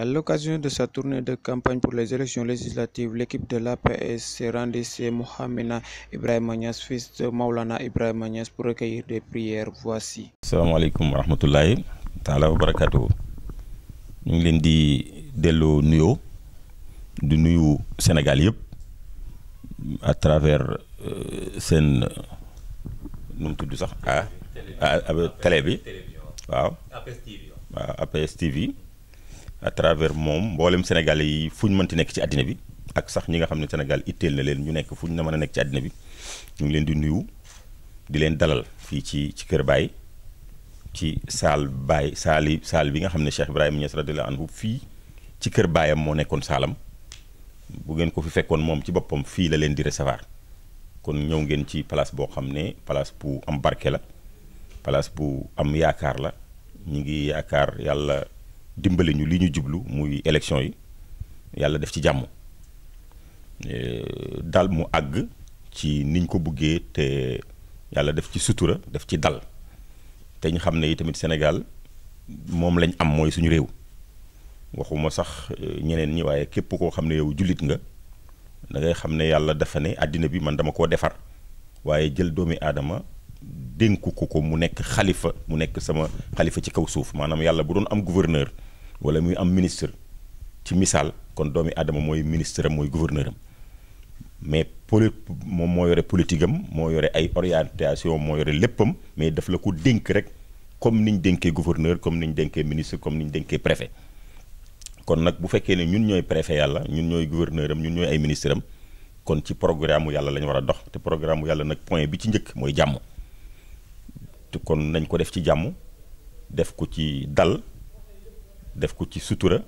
À l'occasion de sa tournée de campagne pour les élections législatives, l'équipe de l'APS s'est rendue chez Mohamed Ibrahim Agnès, fils de Maulana Ibrahim Agnès, pour recueillir des prières. Voici. Salam alaikum wa rahmatullahi ta'ala wa barakatuh. Nous avons dit delloo nuyoo du nuyu Sénégal à travers euh, seen nu mu tudd sax ah, ah, ah télé bi TV. waaw APS TV à travers mom mboolem Sénégal yi fu mën ti nek ci adina bi ak sax ñi nga xamni Sénégal itteel na leen ñu nek fu na mëna nek ci adina bi ñu ngi leen di nuyu di leen dalal fi ci ci Kër Baye ci sal Baye saali saal bi nga xam ne Cheikh Ibrahima Niass radiyallahu anhu fi ci Kër Baayam mo nekkon salam bu ngeen ko fi fekkon mom ci boppam fi la leen di recevoir kon ñew ngeen ci place bo xamne place bu am barké la place bu am yaakar la ñi ngi yaakar yalla dimbali ñu li ñu jublu muy élection yi yàlla def ci jàmm dal mu àgg ci niñ ko buggee te yàlla def ci sutura def ci dal te ñu xam ne yi tamit Sénégal moom lañ am mooy suñu réew waxuma sax e, ñeneen ñi waaye képp koo xam ne yow jullit nga da xam ne yàlla dafa ne àddina bi man dama koo defar waaye jël doomi aadama dénku ko ko mu nekk xalifa mu nekk sama xalifa ci kaw suuf maanaam yàlla bu doon am gouverneur wala muy am ministre ci misaal kon doomi aadama mooy ministre mooy gouverneur am mais poli moom moo yore politique am moo yore ay orientation moo yore léppam mais daf la ko dénk rek comme ni ñu dénkee gouverneur comme niñ dénkee ministre comme ni ñu dénkee préfet kon nag bu fekkee ne ñun ñooy préfet yàlla ñun ñooy gouverneur am ñun ñooy ay ministre am kon ci programme yàlla la ñu war a dox te programme yàlla nag point bi ci njëkk mooy jàmm te kon nañ ko def ci jàmm def ko ci dal def ko ci sutura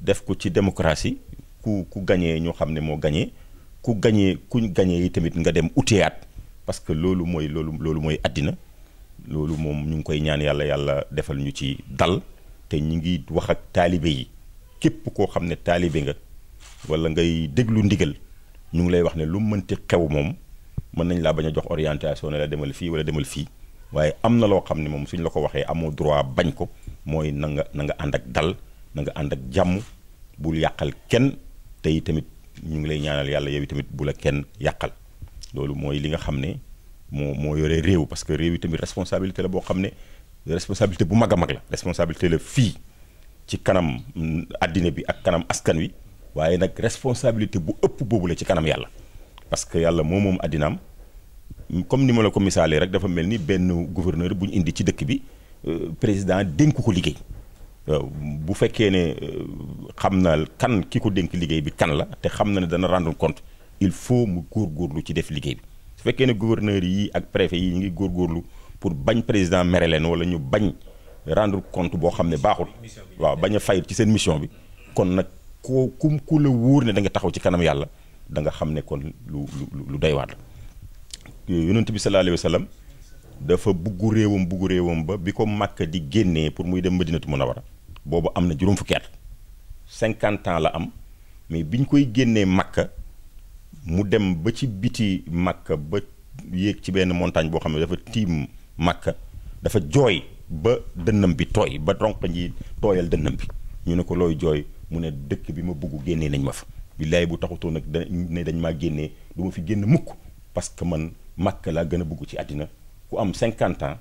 def ko ci démocratie ku ku gañee ñoo xam ne moo gañee ku gañee kuñ gañee yi tamit nga dem uteyaat parce que loolu mooy loolu mooy àddina loolu moom ñu ngi koy ñaan yàlla yàlla defal ñu ci dal te ñu ngi wax ak taalibe yi képp koo xam ne taalibe nga wala ngay déglu ndigal ñu ngi lay wax ne lu mënti xew moom mën nañ laa bañ a jox orientation ne la demal fii wala demal fii waaye am na loo xam ne moom suñ la ko waxee amoo droit bañ ko mooy nanga nanga ànd ak dal na nga ànd ak jàmm bul yàqal kenn te tamit ñu ngi lay ñaanal yàlla yow tamit bu la kenn yàqal loolu mooy li nga xam ne moo moo yore réew parce que réew yi tamit responsabilité la boo xam ne responsabilité bu mag a mag la responsabilité la fii ci kanam àddina bi ak kanam askan wi waaye nag responsabilité bu ëpp boobu la ci kanam yàlla parce que yàlla moo moom àddinaam comme ni ma la ko misaalee rek dafa mel ni benn gouverneur bu ñu indi ci dëkk bi euh, président dénk ko liggéey euh, bu fekkee ne euh, xam na kan ki ko dénk liggéey bi kan la te xam na ne dana rendre compte il faut mu góorgóorlu ci def liggéey bi su fekkee ne gouverneur yi ak préfet yi ñu ngi góor góorgóorlu pour bañ président mere leen wala ñu bañ rendre compte boo xam ne baaxul waaw bañ a fay ci seen mission bi kon nag ku ku la wóor ne da nga taxaw ci kanam yàlla danga xam ne kon lu lu lu doy waar yonent bi sallallahu alayhi wa sallam dafa buggu réewam buggu réewam ba bi ko màkk di génnee pour muy dem madinatu munawara boobu am na juróom fukki at cinquante ans la am mais bi ñu koy génnee màkk mu dem ba ci biti màkk ba yéeg ci benn montagne boo xam ne dafa tiim màkk dafa jooy ba dënnam bi tooy ba ronq ñi tooyal dënnam bi ñu ne ko looy jooy mu ne dëkk bi ma bugg génnee nañ ma fa billaay bu taxutoo nag da dañ maa génnee du fi génn mukk parce man màkk laa gën a bugg ci àddina ku am cinquante ans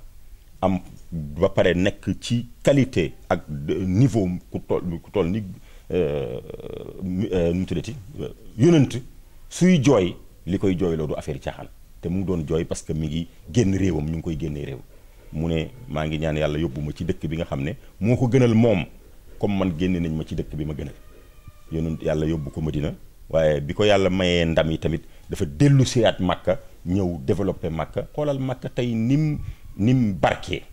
am ba pare nekk ci qualité ak niveau ku toll ku toll ni euh, euh, nu mu tuddati yonent suy jooy li koy jooy loolu affaire caaxaan te mu ngi doon jooy parce que mi ngi génn réewam ñu ngi koy génnee réew mu ne maa ngi ñaan yàlla yóbbu ma ci dëkk bi nga xam ne moo ko gënal moom comme man génne nañ ma ci dëkk bi ma gënal yonent yàlla yóbbu ko ma dina waaye bi ko yàlla mayee ndam yi tamit dafa dellu at Màkka ñëw développé Makka xoolal Makka tey nim nim barkee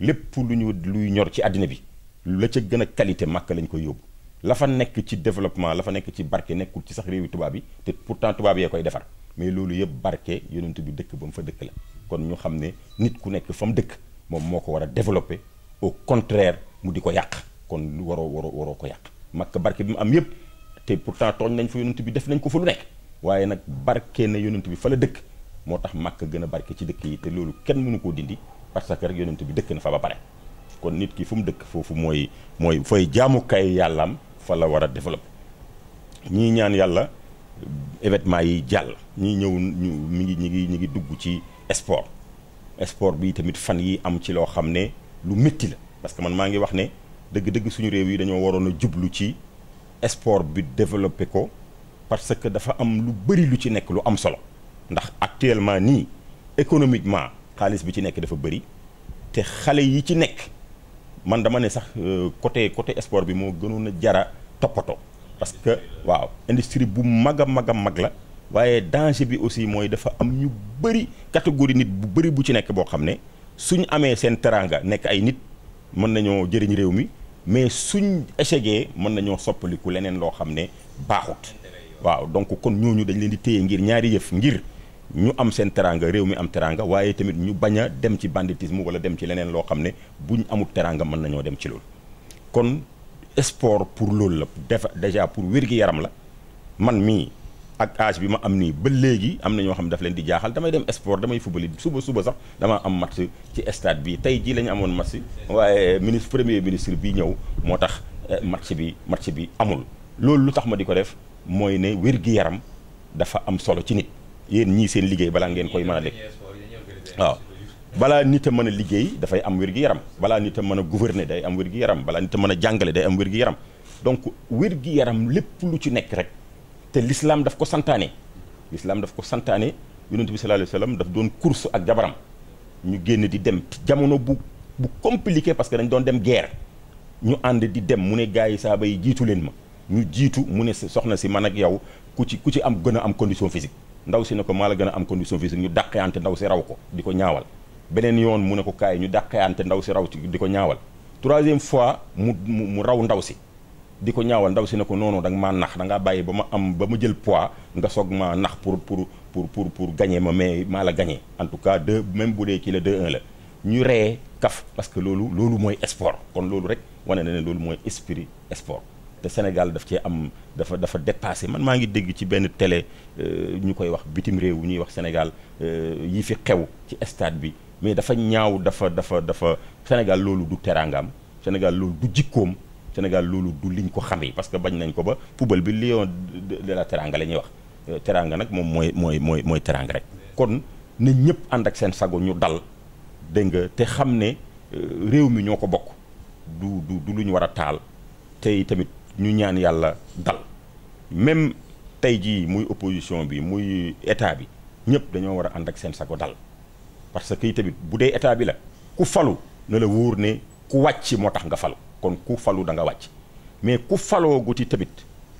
lépp lu ñu luy ñor ci àddina bi la ca gën a qualité Makka lañ koy yóbbu la fa nekk ci développement la fa nekk ci barke nekkul ci sax réewi tubaab bi te pourtant tubaab yee koy defar mais loolu yëpp barke yonent bi dëkk ba mu fa dëkk la kon ñu xam ne nit ku nekk fa mu dëkk moom moo ko war a développé au contraire mu di ko yàq kon lu waroo waroo waroo ko yàq Makka barke bi mu am yëpp te pourtant tooñ nañ fa bi def nañ ko fa lu nekk waaye nag barke bi fa la dëkk moo tax màkk gën a barke ci dëkk yi te loolu kenn mënu koo dindi parce que rek yonent bi dëkk na fa ba pare kon nit ki fu mu dëkk foofu mooy mooy fay jaamukaay yàllaam fa la war a développé ñii ñaan yàlla événement yi jàll ñii ñëw ñu mi ngi ñi ngi ñi ngi dugg ci sport sport bi tamit fan yi am ci loo xam ne lu métti la parce que man maa ngi wax ne dëgg-dëgg suñu réew yi dañoo waroon a jublu ci sport bi développé ko parce que dafa am lu bëri lu ci nekk lu am solo ndax actuellement nii économiquement xaalis bi ci nekk dafa bëri te xale yi ci nekk man dama ne sax euh, côté côté sport bi moo gënoon a jara toppatoo parce que waaw industrie bu mag a mag a mag la waaye danger bi aussi mooy dafa am ñu bëri catégorie nit bu bëri bu ci nekk boo xam ne suñ amee seen teraanga nekk ay nit mën nañoo jëriñ réew mi mais suñ échegee mën nañoo soppaliku leneen loo xam ne baaxut waaw donc kon ñooñu dañ leen di téye ngir ñaari yëf ngir ñu am seen teranga réew mi am teranga waaye tamit ñu bañ a dem ci banditisme wala dem ci leneen loo xam ne buñ amul teranga mën nañoo dem ci loolu kon sport pour loolu la def déjà pour wér-gi-yaram la man mii ak âge bi ma am nii ba léegi am na ñoo xam ne daf leen di jaaxal damay dem sport damay fubali suba suba sax damaa am match ci stade bii tey jii lañu amoon match waaye ministre premier ministre bi ñëw moo tax eh, match bi match bi amul loolu lu tax ma di ko def mooy ne wér-gi-yaram dafa am solo ci nit yéen ñii seen liggéey balaa ngeen koy mën a lekk waaw balaa nit a mën a liggéey dafay am wér-gi-yaram balaa nit a mën a gouverner day am wér-gi-yaram balaa nit a mën a jàngale day am wér-gi-yaram donc wér-gi-yaram lépp lu ci nekk rek te l'islam daf ko santaane l'islam daf ko santaane yonent bi sallallahu alayhi wa daf doon course ak jabaram ñu génn di dem jamono bu bu compliqué parce que dañ doon dem guerre ñu ànd di dem mu ne gars yi saaba yi jiitu leen ma ñu jiitu mu ne soxna si man ak yow ku ci ku ci am gën a am condition physique ndaw si ne ko maa la gën a am condition physique ñu dàqeante ndaw si raw ko di ko ñaawal beneen yoon mu ne ko kaay ñu dàqeante ndaw si raw ci di ko ñaawal troisième fois mu mu raw ndaw si di ko ñaawal ndaw si ne ko noonu da nga maa nax da bàyyi ba ma am ba ma jël pois nga soog maa nax pour pour pour pour pour gagner ma mais maa la gagner en tout cas deux même bu dee kii la 2-1 la ñu ree kaf parce que loolu loolu mooy sport kon loolu rek wane na ne loolu mooy esprit sport le Sénégal daf ci am dafa dafa dépassé man maa ngi dégg ci ben télé euh, ñu koy wax bitim réew ñuy wax Sénégal euh, yi fi xew ci stade bi mais dafa ñaaw dafa dafa dafa Sénégal lolu du terangam Sénégal lolu du jikkoom Sénégal lolu du liñ ko xamé parce que bañ nañ ko ba football bi lion de la teranga la ñuy wax euh, teranga nak mom moy moy moy moe teranga rek kon ne ñepp and ak sen sago ñu dal dégg nga te xamné réew mi ñoko du du du lu ñu taal tamit ñu ñaan yàlla dal même tey jii muy opposition bi muy état bi ñëpp dañoo war a ànd ak seen sago dal parce que tamit bu dee état bi la ku falu na la wóor ne ku wàcc moo tax nga falu kon ku falu da nga wàcc mais ku faloo guti tamit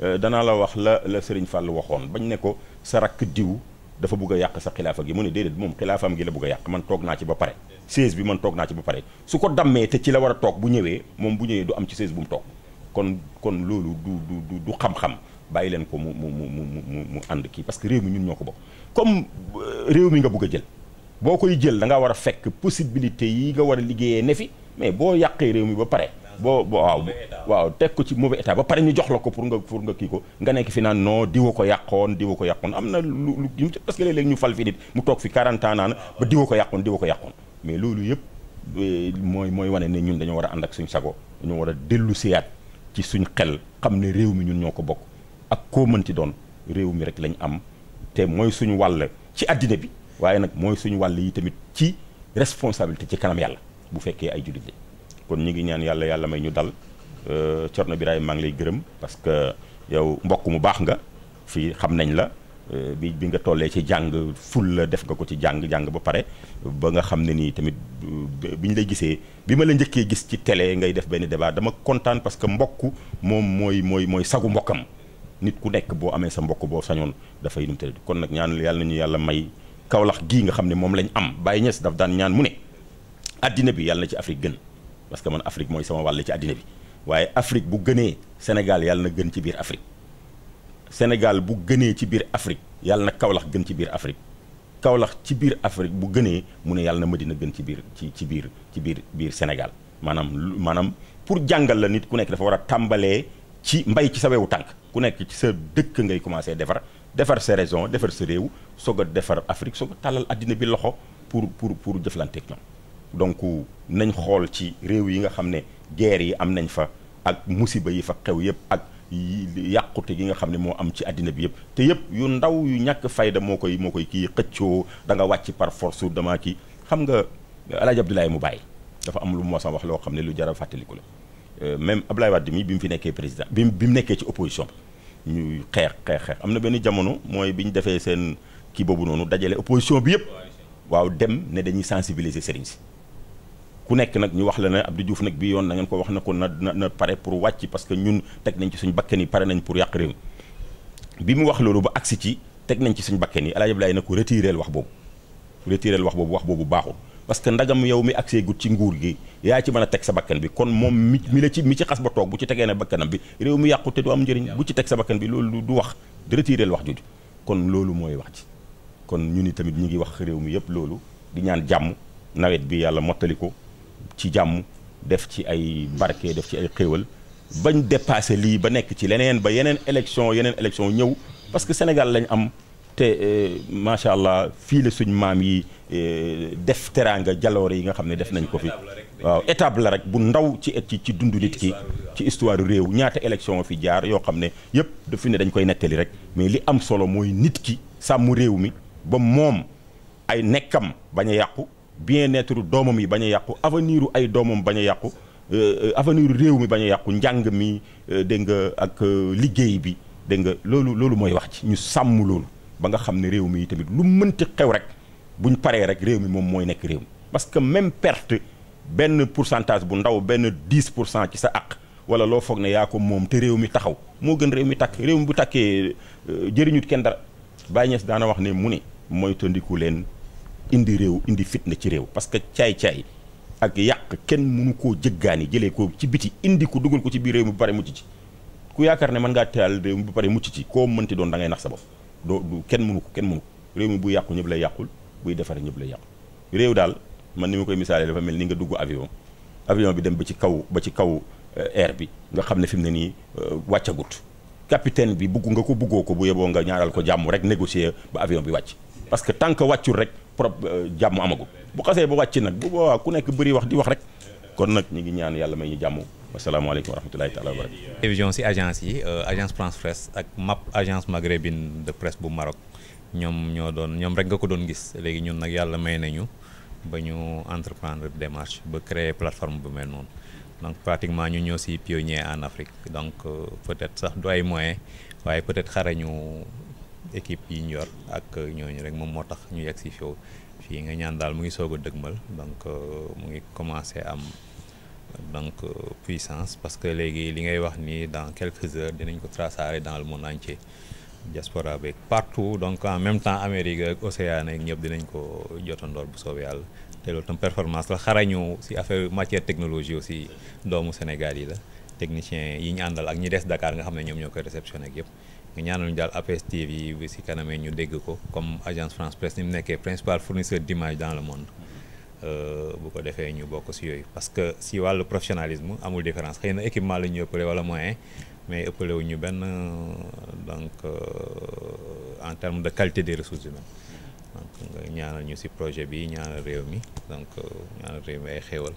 euh, danaa la wax la la Serigne Fall waxoon bañ ne ko sa rakk diw dafa bugg a yàq sa xilaafa gi mu ne déedéet moom xilaafaam gi la bugg a yàq man toog naa ci ba pare. 16 bi man toog naa ci ba pare su ko dammee te ci la war a toog bu ñëwee moom bu ñëwee du am ci 16 bu mu toog. kon kon loolu du du du xam-xam bàyyi leen ko mu mu mu mu mu ànd kii parce que réew mi ñun ñoo ko bokk comme euh, réew mi nga bëgg a jël boo koy jël da nga war a fekk possibilité yi nga war a liggéeyee ne fi mais boo yàqee réew mi ba pare. boo boo waaw waaw teg ko ci mauvais état ba pare ñu jox la ko pour nga pour nga kii ko nga nekk fi naan non diwa ko yàqoon diwa ko yàqoon am na lu lu parce que léeg-léeg ñu fal fi nit mu toog fi 40 ans naan ba diw ko yàqoon diwa ko yàqoon mais loolu yëpp euh, mooy mooy wane ne ñun dañoo war a ànd ak suñu sago dañoo war a dellu siyaat ci suñ xel xam ne réew mi ñun ñoo ko bokk ak koo mënti doon réew mi rek lañ am te mooy suñu wàll ci àddina bi waaye nag mooy suñu wàll yi tamit ci responsabilité ci kanam yàlla bu fekkee ay jullit lañ kon ñu ngi ñaan yàlla yàlla may ñu dal Cerno euh, Birahim maa ngi lay gërëm parce que yow mbokk mu baax nga fii xam nañ la Euh, bi bi nga tollee ci jàng ful la def nga ko ci jàng jàng ba pare ba nga xam ne nii tamit euh, bi ñu lay gisee bi ma la njëkkee gis ci télé ngay def benn débat dama kontaan parce que mbokk moom mooy mooy mooy sagu mbokkam nit ku nekk boo amee sa mbokk boo sañoon dafay num tëdd kon nag ñaan yàlla nañu yàlla may Kaolack gii nga xam ne moom lañ am Baye Niass daf daan ñaan mu ne addina bi yàlla na ci Afrique gën parce que man Afrique mooy sama wàll ci addina bi waaye Afrique bu gënee Sénégal yàlla na gën ci biir Afrique Sénégal bu gëné ci biir Afrique yàlla na Kaolack gën ci biir Afrique Kaolack ci biir Afrique bu gëné mu ne yàlla na Madina gën ci biir ci biir ci biir biir Sénégal Manam, manam. pour jàngal la nit ku nek dafa wara tambalé ci mbay ci sa wewu ku nek ci sa dëkk ngay commencé défar défar sa raisons défar sa réew soog défar Afrique soog talal adina bi loxo pour pour pour jëflanteeg ñom donc nañ xol ci réew yi nga xamné guerre yi am nañ fa ak musiba yi fa xew yépp ak yàqute gi nga xam ne moo am ci àddina bi yëpp te yëpp yu ndaw yu ñàkk fayda moo koy moo koy kii xëccoo da nga wàcc par force dama kii xam nga Alaaji Abdoulaye mu bàyyi dafa am lu moosa wax loo xam ne lu jar a fàttaliku la euh, même Abdoulaye Wade mi bi mu fi nekkee président bi bi mu nekkee ci opposition bi ñuy xeex xeex xeex am na benn jamono mooy bi ñu defee seen kii boobu noonu dajale opposition bi yëpp waaw dem ne dañuy sensibiliser sëriñ si ku nekk nag ñu wax la ne Abdou Diouf nag bi yoon na ko wax na ko na na pare pour wàcc parce que ñun teg nañ ci suñ bakken yi pare nañ pour yàq réew bi mu wax loolu ba agsi ci teg nañ ci suñ bakken yi El Hadj Abdoulaye na ko wax boobu retireel wax boobu wax boobu baaxul parce que ndagam yow mi agsee gut ci nguur gi yaa ci mën a teg sa bakkan bi kon moom mi mi la mi ci xas ba toog bu ci tegee ne bakkanam bi réew mi yàqu te du am njëriñ bu ci teg sa bakkan bi loolu du wax retireel wax jooju kon loolu mooy wax ci kon ñun ni tamit ñi ngi wax réew mi yëpp loolu di ñaan jàmm nawet bi yàlla mottali ko ci jàmm def ci ay barke def ci ay xéewal bañ dépassé lii ba nekk ci leneen ba yeneen élection yeneen élection ñëw parce que Sénégal lañ am te euh, macha allah fii la suñ maam yi euh, def teraanga jaloore yi nga xam ne def nañ ko fi waaw étape la rek bu ndaw ci ci ci dundu nit ki ci histoire réew ñaata élection fi jaar yoo xam ne yëpp dafi ne dañ koy nettali rek mais li am solo mooy nit ki sàmm réew mi ba moom ay nekkam bañ a yàqu bien-être doomam yi bañ a yàqu avenir ay doomam bañ a yàqu euh, euh, avenir réew mi bañ a yàqu njàng mi euh, dégg nga ak liggéey bi dégg nga loolu loolu mooy wax ci ñu sàmm loolu ba nga xam ne réew mi tamit lu mënti xew rek buñ paree rek réew mi moom mooy nekk réew mi parce que même perte benn pour pourcentage bu ndaw benn 10 pour cent ci sa àq wala loo foog ne yaa ko moom te réew mi taxaw moo gën réew mi takk réew mi bu takkee jëriñut kenn dara Baye Niass daana wax ne mu ne mooy leen indi réew indi fitna ci réew parce que caay-caay ak yàq kenn mënu koo jëggaani jëlee ko ci biti indi ko dugal ko ci biir réew mi ba pare mucc ci ku yaakaar ne mën ngaa teyal réew mi ba pare mucc ci koo mënti doon dangay nax sa bopp doo du kenn mënu ko kenn mënu ko réew mi buy yàqu ñëpp lay yàqul buy defare ñëpp lay yàqu réew daal man ni mu koy misaalee dafa mel ni nga dugg avion avion bi dem ba ci kaw ba ci kaw euh, air bi nga xam ne fi mu ne nii euh, wàccagut capitaine bi bugg nga ko buggoo ko bu yeboo nga ñaaral ko jàmm rek négocier ba avion bi wàcc parce que tant wàccul rek prop eh, amagu bu xasse bu wacc nak bu bo ku nek beuri wax di wax rek kon nak ñi ngi ñaan yalla may ñu jàmm asalaamaaleykum wa taala wa barakatu télévision si agence yi euh, agence France Presse ak MAP agence maghrébine de presse bu Maroc ñom ñoo doon ñom rek nga ko doon gis legi ñun nak yalla may nañu ba ñu entreprendre démarche ba créer plateforme bu mel non donc pratiquement ñu ñoo ci pionnier en Afrique donc euh, peut-être sax do ay moyens waye peut-être xarañu équipe yi ñu ak ñooñu rek moom moo tax ñu yegg si fii fii nga ñaan daal mu ngi soog a dëgmal donc euh, mu ngi commencé am donc euh, puissance parce que léegi li ngay wax ni dans quelques heures dinañ ko traçaré dans le monde entier diaspora beeg partout donc en même temps Amérique ak océane ak ñëpp dinañ ko jotandoor bu soob yàlla te loolu tam performance la xarañu si affaire matière technologie aussi doomu Sénégal yi la technicien yi ñu àndal ak ñi des Dakar nga xam ne ñoom ñoo koy réceptionné ak yëpp nga ñaanal ñu daal APS TV yi bi si kanamee ñu dégg ko comme agence France Presse ni mu nekkee principal fournisseur d'image dans le monde euh, bu ko defee ñu bokk si yooyu parce que si wàllu professionnalisme amul différence xëy na équipement la ñu ëppale wala moyen mais ëppale wu ñu benn donc euh, en termes de qualité des ressources humaines donc nga ñaanal ñu si projet bi ñaanal réew mi donc euh, ñaanal réew mi ay xéewal